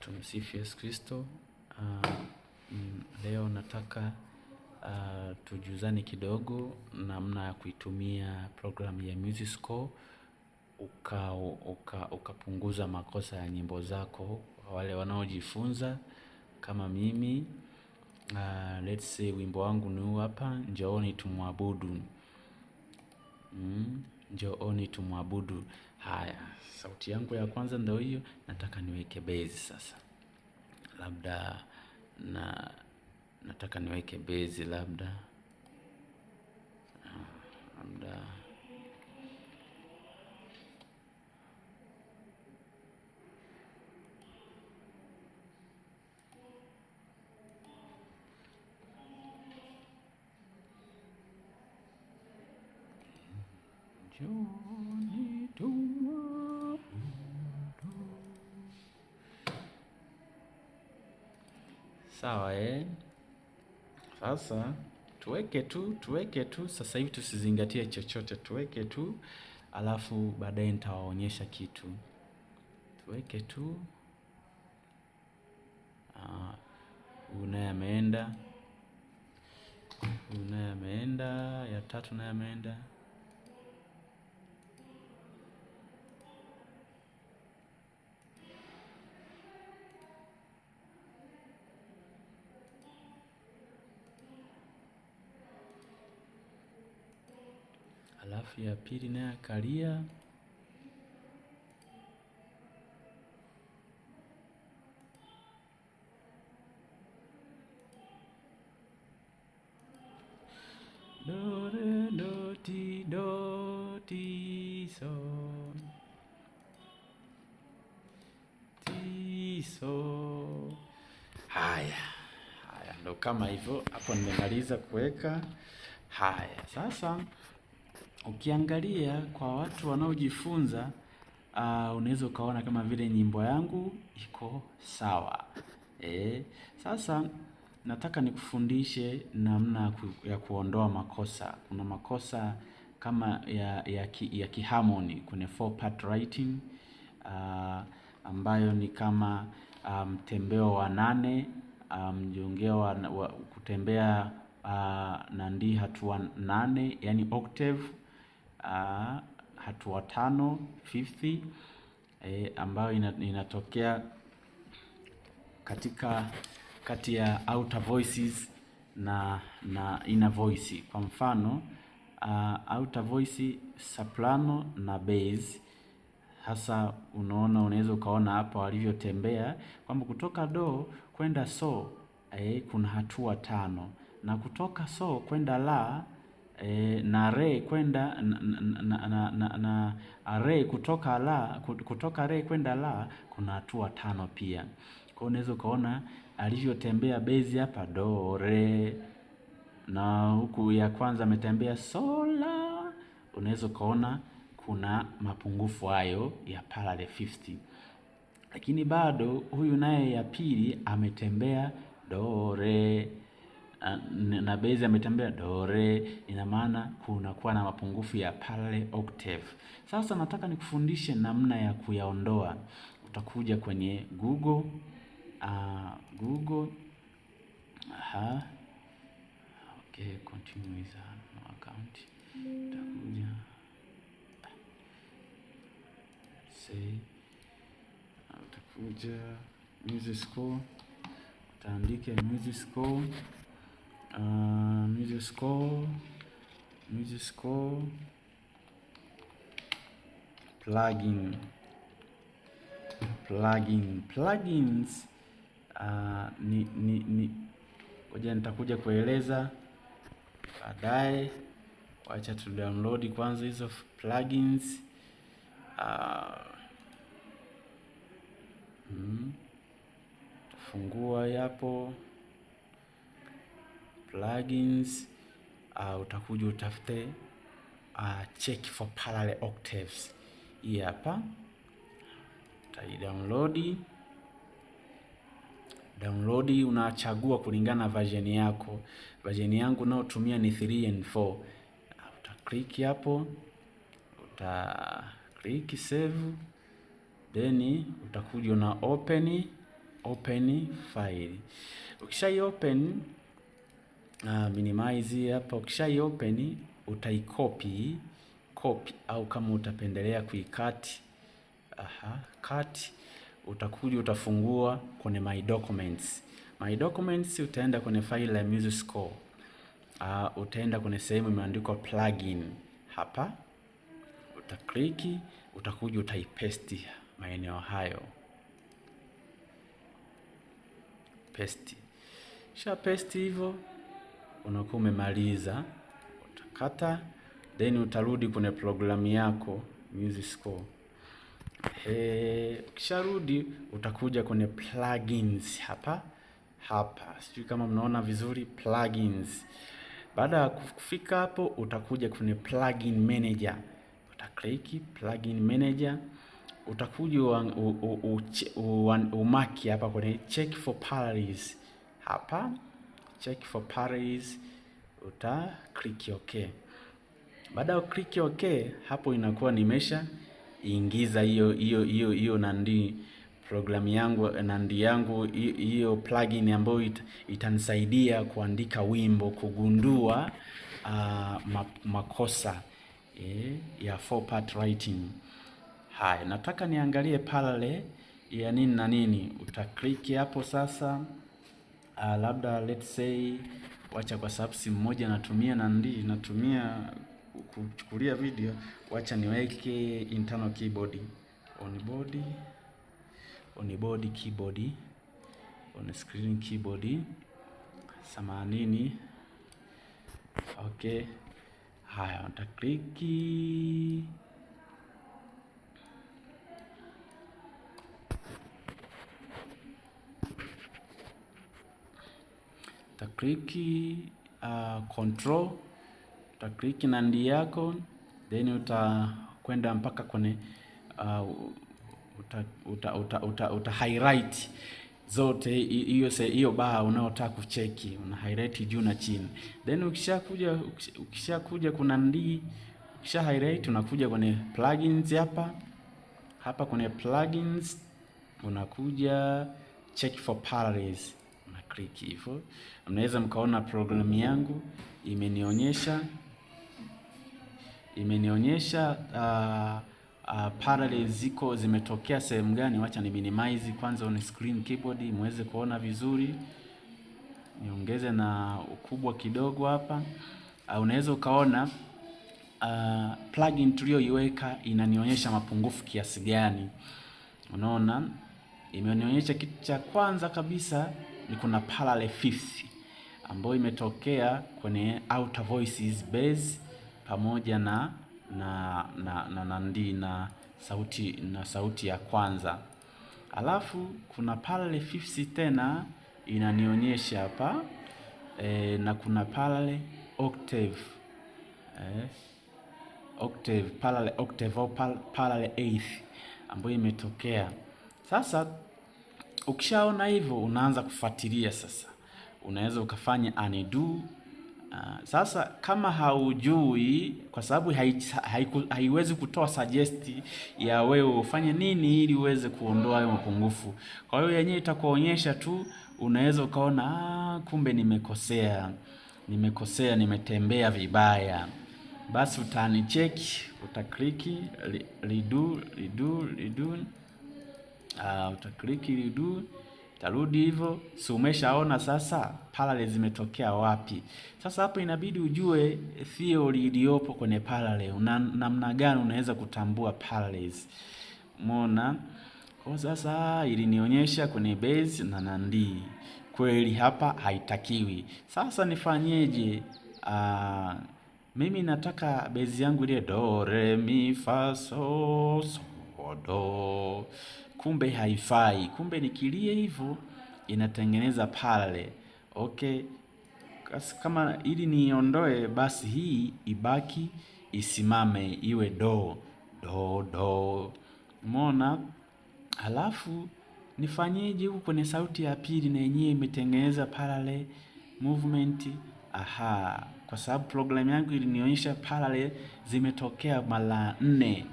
Tumsifu Yesu Kristo. Uh, leo nataka uh, tujuzane kidogo namna ya kuitumia programu ya MusiScore ukapunguza uka, uka makosa ya nyimbo zako. Kwa wale wanaojifunza kama mimi uh, let's say wimbo wangu ni huu hapa, njooni tumwabudu njooni tumwabudu. Haya, sauti yangu ya kwanza ndio hiyo. Nataka niweke bezi sasa, labda na nataka niweke bezi labda ah, labda Sawa eh? Sasa tuweke tu, tuweke tu sasa hivi, tusizingatie chochote, tuweke tu, alafu baadaye nitawaonyesha kitu. Tuweke tu. Ah, unaye ameenda, unaye ameenda, ya tatu naye ameenda. alafu ya pili naye akalia. Do re do ti do ti so ti so. Haya haya, ndo kama hivyo hapo, nimemaliza kuweka. Haya sasa Ukiangalia kwa watu wanaojifunza uh, unaweza ukaona kama vile nyimbo yangu iko sawa e. Sasa nataka nikufundishe namna ya kuondoa makosa. Kuna makosa kama ya, ya, ki, ya kiharmony kwenye four part writing uh, ambayo ni kama ah, mtembeo um, wa nane mjongeo um, wa, wa kutembea uh, na ndi hatua nane, yani octave uh, hatua tano fifth eh, ambayo inatokea katika kati ya outer voices na na inner voice. Kwa mfano uh, outer voice soprano na bass. Hasa unaona, unaweza ukaona hapa walivyotembea kwamba kutoka do kwenda so eh, kuna hatua tano na kutoka so kwenda la E, na re kwenda na, na, na, na, na re kutoka la kutoka re kwenda la kuna hatua tano pia. Kwa hiyo unaweza ukaona alivyotembea bezi hapa do re, na huku ya kwanza ametembea sola, unaweza ukaona kuna mapungufu hayo ya parallel fifth, lakini bado huyu naye ya pili ametembea do re Ah, na bezi ametembea dore, ina maana kunakuwa na mapungufu ya pale octave. Sasa nataka nikufundishe namna ya kuyaondoa. Utakuja kwenye Google, uh, Google. Aha. Okay, continue with no account. Utakuja say utakuja music score, utaandike music score underscore underscore plugin plugin plugins. Uh, ni ni ni hoja nitakuja kueleza baadaye, wacha tu download kwanza hizo plugins uh, ah, mm, tufungua yapo plugins uh, utakuja utafute uh, check for parallel octaves. Hii hapa utaidownload. Download download unachagua kulingana na version yako. Version yangu naotumia ni 3 and 4. Uh, uta click hapo, uta click save, then utakuja na open open file. Ukishai open uh, minimize hapa. Ukisha open utaikopi copy, au kama utapendelea kuikati aha, kati utakuja utafungua kwenye my documents. My documents utaenda kwenye file ya music score uh, utaenda kwenye sehemu imeandikwa plugin hapa, utakliki, utakuja utaipesti maeneo hayo paste. Sha paste hivyo unakuwa umemaliza, utakata then utarudi kwenye programu yako music score. ukisharudi utakuja kwenye plugins hapa hapa, sijui kama mnaona vizuri plugins. Baada ya kufika hapo, utakuja kwenye plugin manager, utaclick plugin manager, utakuja umaki hapa kwenye check for parallels hapa check for Paris, uta click OK. Baada ya click OK, hapo inakuwa nimesha ingiza hiyo hiyo hiyo hiyo nandi program yangu nandi yangu hiyo plugin ambayo it, itanisaidia kuandika wimbo kugundua uh, makosa eh, ya four part writing. Haya, nataka niangalie parallel ya nini na nini, utakliki hapo sasa uh, labda let's say wacha kwa sababu simu moja natumia na ndi natumia kuchukulia video, wacha niweke internal keyboard on board on board keyboard on screen keyboard samanini. Okay, haya click click uh, ah, control, click na ndi yako then utakwenda mpaka kwenye uh, uta, uta, uta, uta, uta highlight zote hiyo hiyo baa unaotaka kucheki una highlight juu na chini, then ukishakuja ukishakuja kuna ndi kisha highlight unakuja kwenye plugins hapa hapa kwenye plugins unakuja check for parallels click hivyo. Mnaweza mkaona programu yangu imenionyesha imenionyesha uh, uh, parallel ziko zimetokea sehemu gani. Wacha ni minimize kwanza on screen keyboard muweze kuona vizuri, niongeze na ukubwa kidogo hapa. Uh, unaweza ukaona uh, plugin tuliyoiweka inanionyesha mapungufu kiasi gani. Unaona, imenionyesha kitu cha kwanza kabisa ni kuna parallel fifth ambayo imetokea kwenye outer voices base pamoja na na na na, na, ndi, na sauti na sauti ya kwanza. Alafu kuna parallel fifth tena inanionyesha hapa e, na kuna parallel octave e, octave parallel octave au parallel eighth ambayo imetokea sasa ukishaona hivyo unaanza kufuatilia sasa, unaweza ukafanya anedu Uh, ah, sasa kama haujui, kwa sababu haiwezi kutoa suggest ya wewe ufanye nini ili uweze kuondoa hayo mapungufu. Kwa hiyo yenyewe itakuonyesha tu, unaweza ukaona ah, kumbe nimekosea, nimekosea, nimetembea vibaya. Basi utanicheki, utakliki redo, redo, redo uh, ah, utakiliki ili do tarudi hivyo, si umeshaona sasa parallel zimetokea wapi? Sasa hapo inabidi ujue theory iliyopo kwenye parallel na namna gani unaweza kutambua parallels. Umeona? Kwa sasa ilinionyesha kwenye base na nandi, kweli hapa haitakiwi. Sasa nifanyeje? Uh, mimi nataka base yangu ile do re mi fa so so odo, kumbe haifai. Kumbe nikilie hivyo inatengeneza pale. Okay, kama ili niondoe, basi hii ibaki isimame iwe do do do, umeona? Halafu nifanyeje huku kwenye sauti ya pili, na yenyewe imetengeneza parallel movement. Aha, kwa sababu program yangu ilinionyesha parallel zimetokea mara nne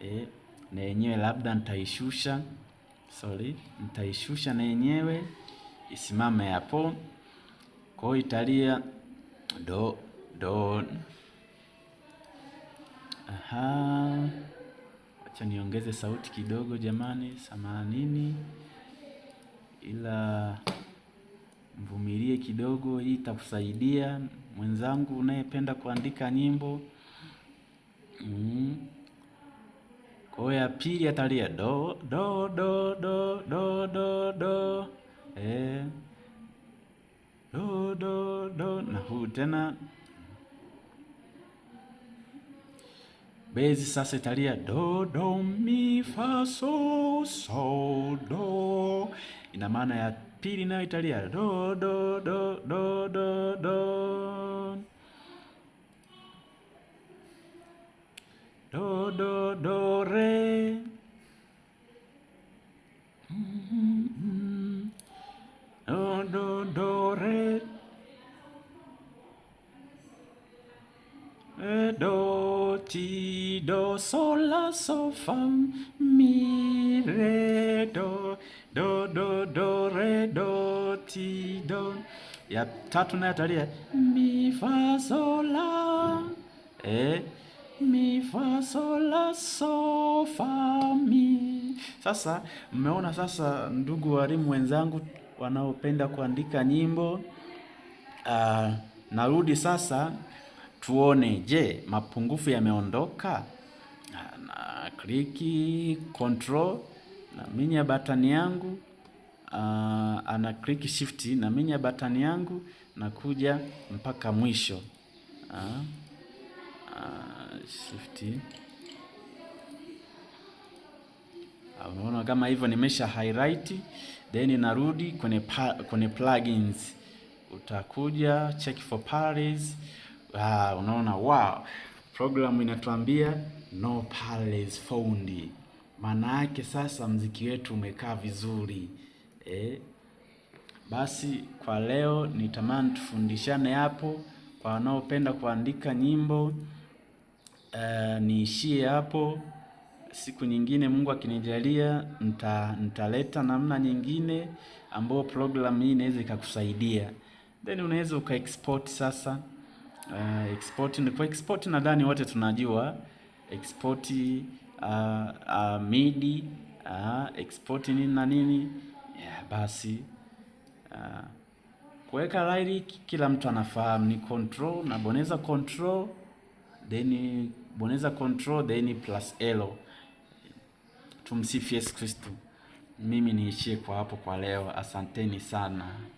eh na yenyewe labda nitaishusha, sorry, nitaishusha na yenyewe isimame hapo. Kwa hiyo italia do do. Aha, acha niongeze sauti kidogo jamani, samanini, ila mvumilie kidogo, hii itakusaidia mwenzangu unayependa kuandika nyimbo mm. O ya pili atalia do do do do do do do eh, do do do, na huu tena bezi sasa italia do do mi fa so so do, ina maana ya pili nayo italia do do do do do do do do do re mm-hmm. do do do re e, do ti do sol la so fam mi re do do do do re do ti do ya tatu na talia e, mi fa sol la eh mi fa sol la so fa mi. Sasa mmeona sasa, ndugu walimu wenzangu wanaopenda kuandika nyimbo uh, narudi sasa tuone, je, mapungufu yameondoka? Na kliki control na minya batani yangu Uh, ana click shift na minya button yangu nakuja mpaka mwisho uh, uh. Shift. Unaona kama hivyo nimesha highlight, then narudi kwenye kwenye plugins, utakuja check for parallels. Ah, unaona wow, program inatuambia no parallels found. Maana yake sasa mziki wetu umekaa vizuri eh. Basi kwa leo nitamani tufundishane hapo kwa wanaopenda kuandika nyimbo uh, niishie hapo. Siku nyingine Mungu akinijalia, nitaleta namna nyingine ambayo program hii inaweza ikakusaidia, then unaweza uka export sasa. Uh, export ni kwa export, nadhani wote tunajua export uh, uh, midi uh, export nini na nini yeah, basi uh, kuweka lyric kila mtu anafahamu ni control, nabonyeza control then bonyeza control then plus L. Tumsifu Yesu Kristo. Mimi niishie kwa hapo kwa leo. Asanteni sana.